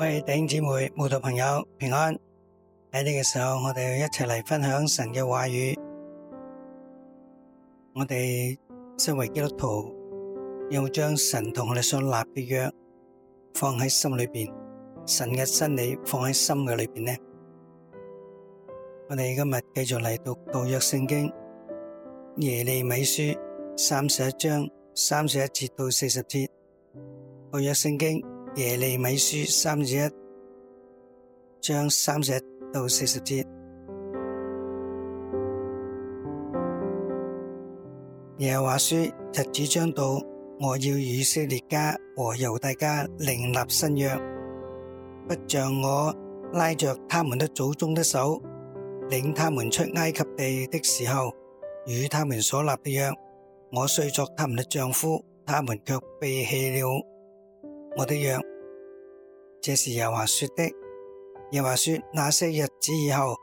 各位弟兄姊妹、慕道朋友，平安！喺呢個時候，我哋一齊嚟分享神嘅話語。我哋身為基督徒，有冇將神同我哋所立嘅約放喺心裏邊？神嘅真理放喺心嘅裏邊呢？我哋今日繼續嚟讀舊約聖經耶利米書三十一章三十一節到四十節，舊約聖經。耶利米書三十一章三十一到四十節。耶和華說，日子將到，我要與以色列家和猶大家另立新約，不像我拉着他們的祖宗的手領他們出埃及地的時候與他們所立的約，我雖作他們的丈夫，他們卻背棄了。我的約，這是耶和華說，說的。耶和華說，說那些日子以後，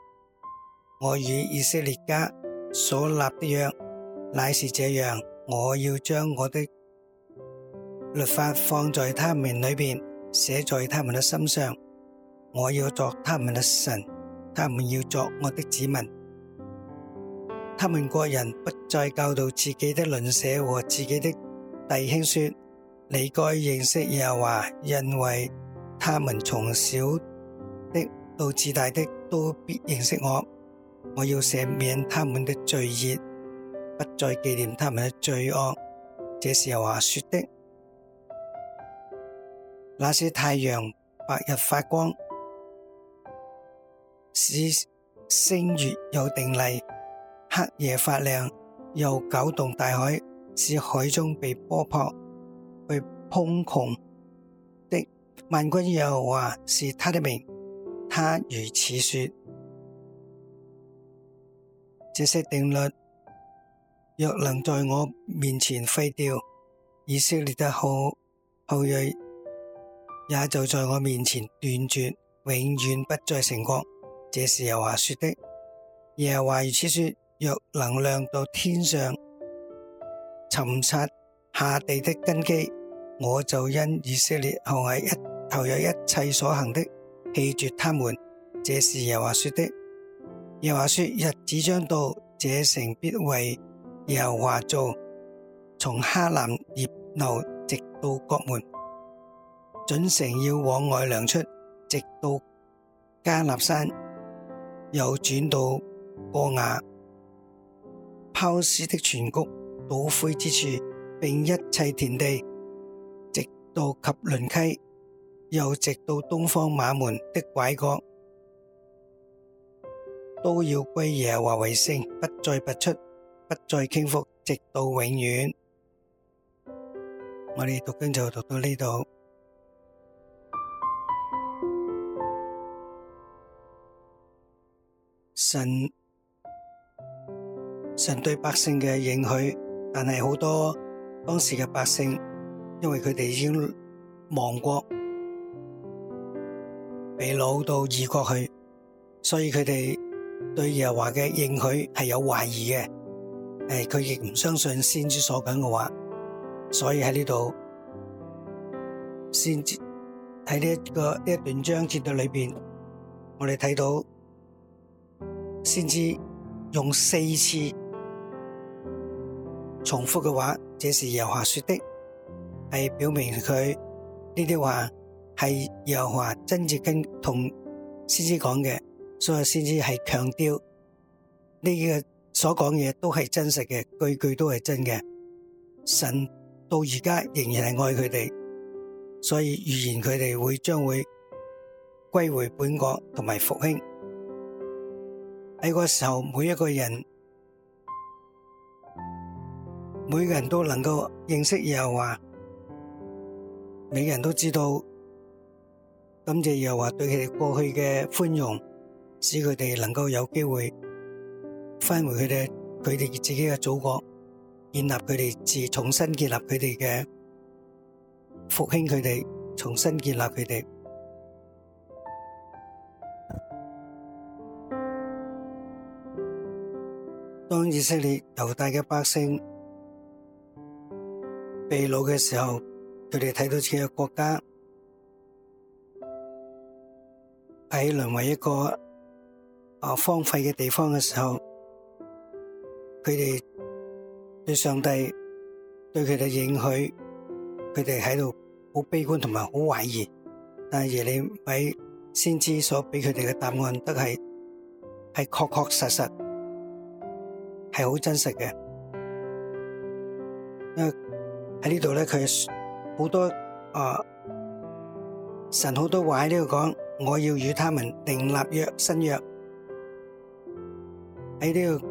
我與以，以色列家所立的約，乃是這樣：我要將我的律法放在他們裏邊，寫在他們嘅心上。我要作他們嘅神，他們要作我的子民。他們各人不再教導自己的鄰舍和自己的弟兄說。你該認識又話，因為他們從小的到自大的都必認識我。我要赦免他們的罪孽，不再紀念他們的罪惡。這是候話說的。那些太陽白日發光，使星月有定例；黑夜發亮，又攪動大海，使海中被波破。去烹狂的萬軍耶和華是他的名，他如此說。這些定律若能在我面前廢掉，以色列的後後裔也就在我面前斷絕，永遠不再成國。這是耶和華說的。耶和華如此說，若能量到天上，尋察下地的根基，我就因以色列後裔一投入一切所行的棄絕他們，這是耶和華說的。耶和華說，日子將到，這城必為耶和華做從哈南葉流直到國門，準繩要往外量出，直到加納山，又轉到哥雅拋屍的全谷、倒灰之處，並一切田地。到及倫溪，又直到東方馬門的拐角，都要歸耶和華為聖，不再拔出，不再傾覆，直到永遠。我哋讀經就讀到呢度。神神對百姓嘅應許，但係好多當時嘅百姓。因為佢哋已經亡國，被擄到異國去，所以佢哋對耶和華嘅應許係有懷疑嘅。誒、呃，佢亦唔相信先知所講嘅話，所以喺呢度先知喺呢一個呢一段章節嘅裏邊，我哋睇到先知用四次重複嘅話，這是耶和華說的。係表明佢呢啲話係又華真正跟同先知講嘅，所以先知係強調呢個所講嘢，都係真實嘅，句句都係真嘅。神到而家仍然係愛佢哋，所以預言佢哋會將會歸回本國同埋復興。喺、嗰個時候，每一個人，每個人都能夠認識又華。每人都知道，咁就又話對佢哋過去嘅寬容，使佢哋能夠有機會返回佢哋佢哋自己嘅祖國，建立佢哋自重新建立佢哋嘅復興佢哋，重新建立佢哋。當以色列猶大嘅百姓被擄嘅時候。佢哋睇到自己嘅國家喺淪為一個啊荒廢嘅地方嘅時候，佢哋對上帝對佢哋嘅應許，佢哋喺度好悲觀同埋好懷疑。但係耶利米先知所畀佢哋嘅答案，都係係確確實實係好真實嘅。喺呢度咧，佢。好多啊！神好多話喺呢度講，我要與他們另立約新約。喺呢度，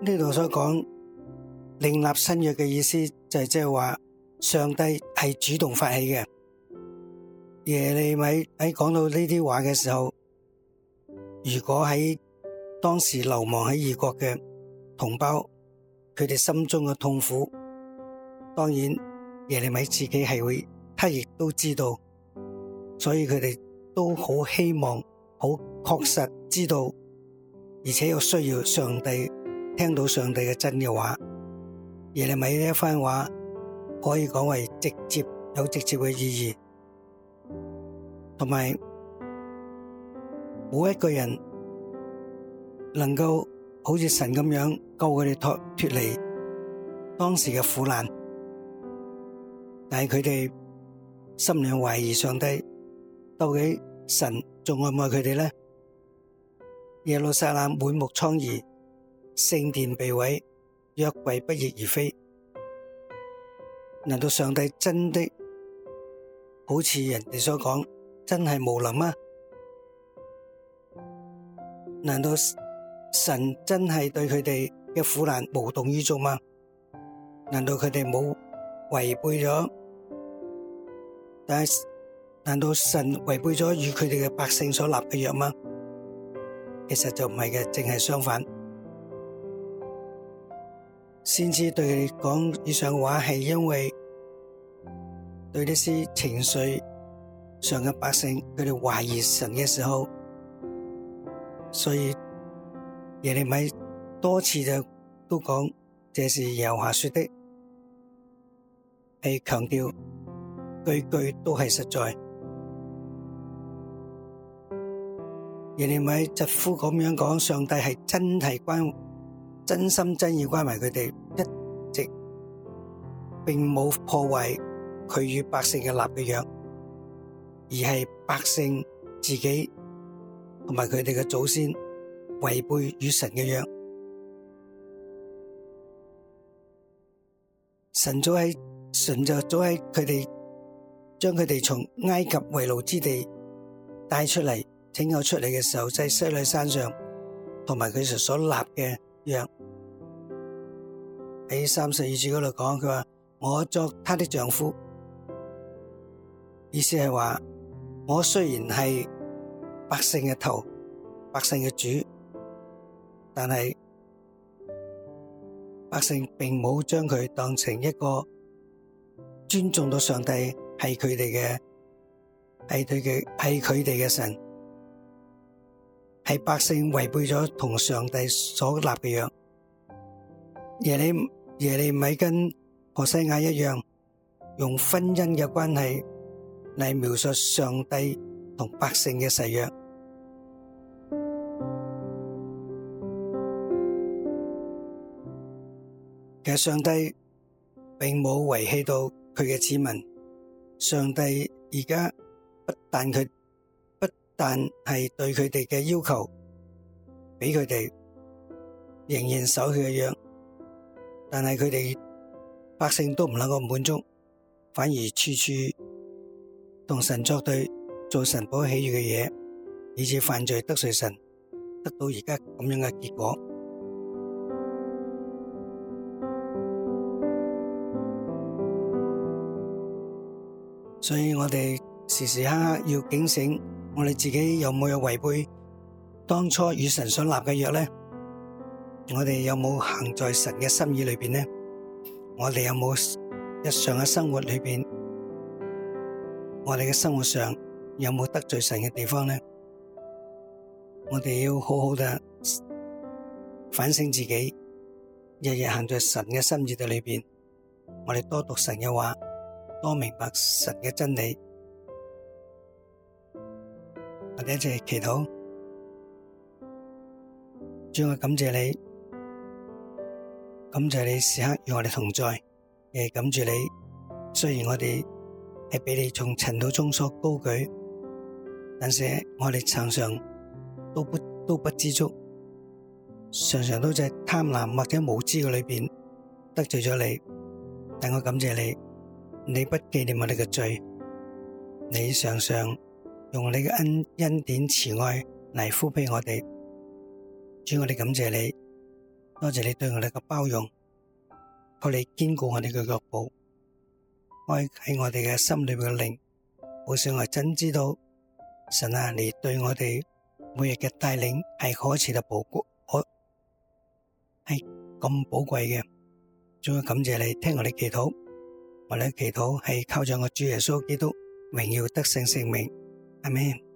呢度所講另立新約嘅意思就係即係話，上帝係主動發起嘅。耶利米喺講到呢啲話嘅時候，如果喺當時流亡喺異國嘅同胞，佢哋心中嘅痛苦，當然耶利米自己係會，他亦都知道，所以佢哋都好希望，好確實知道，而且又需要上帝聽到上帝嘅真嘅話。耶利米呢一番話可以講為直接，有直接嘅意義，同埋每一個人。能夠好似神咁樣救佢哋脱脫離當時嘅苦難，但係佢哋心裏懷疑上帝，到底神仲愛唔愛佢哋呢？耶路撒冷滿目瘡痍，聖殿被毀，約櫃不翼而飛。難道上帝真的好似人哋所講，真係無能嗎？難道？神真係對佢哋嘅苦難無動於衷嗎？難道佢哋冇違背咗？但係難道神違背咗與佢哋嘅百姓所立嘅約嗎？其實就唔係嘅，淨係相反。先知對佢哋講以上嘅話係因為對啲斯情緒上嘅百姓，佢哋懷疑神嘅時候，所以。耶利米多次就都講，這是耶和華說的，係強調句句都係實在。耶利米疾呼咁樣講，上帝係真係關，真心真意關埋佢哋，一直並冇破壞佢與百姓嘅立嘅約，而係百姓自己同埋佢哋嘅祖先，違背與神嘅約，神早喺神就早喺佢哋將佢哋從埃及為奴之地帶出嚟拯救出嚟嘅時候，就喺西奈山上同埋佢哋所立嘅約，喺三十二節嗰度講，佢話我作他的丈夫，意思係話我雖然係百姓嘅頭，百姓嘅主。但係百姓並冇將佢當成一個尊重到上帝係佢哋嘅，係佢嘅、係佢哋嘅神，係百姓違背咗同上帝所立嘅約。耶利耶利米跟何西雅一樣，用婚姻嘅關係嚟描述上帝同百姓嘅誓約。其實上帝並冇遺棄到佢嘅子民，上帝而家不但佢不但係對佢哋嘅要求俾佢哋，仍然守佢嘅約，但係佢哋百姓都唔能夠滿足，反而處處同神作對，做神所喜悅嘅嘢，以致犯罪得罪神，得到而家咁樣嘅結果。所以我哋時時刻刻要警醒，我哋自己有冇有違背當初與神所立嘅約呢？我哋有冇行在神嘅心意裏邊呢？我哋有冇日常嘅生活裏邊，我哋嘅生活上有冇得罪神嘅地方呢？我哋要好好嘅反省自己，日日行在神嘅心意裏邊，我哋多讀神嘅話。多明白神嘅真理，或者一齊祈禱。主，要感謝你，感謝你時刻與我哋同在，誒，感謝你。雖然我哋係俾你從塵土中所高舉，但是我哋常常都不都不知足，常常都在貪婪或者無知嘅裏邊得罪咗你。但我感謝你。你不記念我哋嘅罪，你常常用你嘅恩恩典慈愛嚟呼俾我哋。主，我哋感謝你，多謝你對我哋嘅包容，求你堅固我哋嘅腳步，開喺我哋嘅心裏邊嘅靈。好想我真知道，神啊，你對我哋每日嘅帶領係可似到寶貴，係咁寶貴嘅。仲要感謝你聽我哋祈禱。我哋祈禱係靠住我主耶穌基督榮耀得勝聖名，阿門。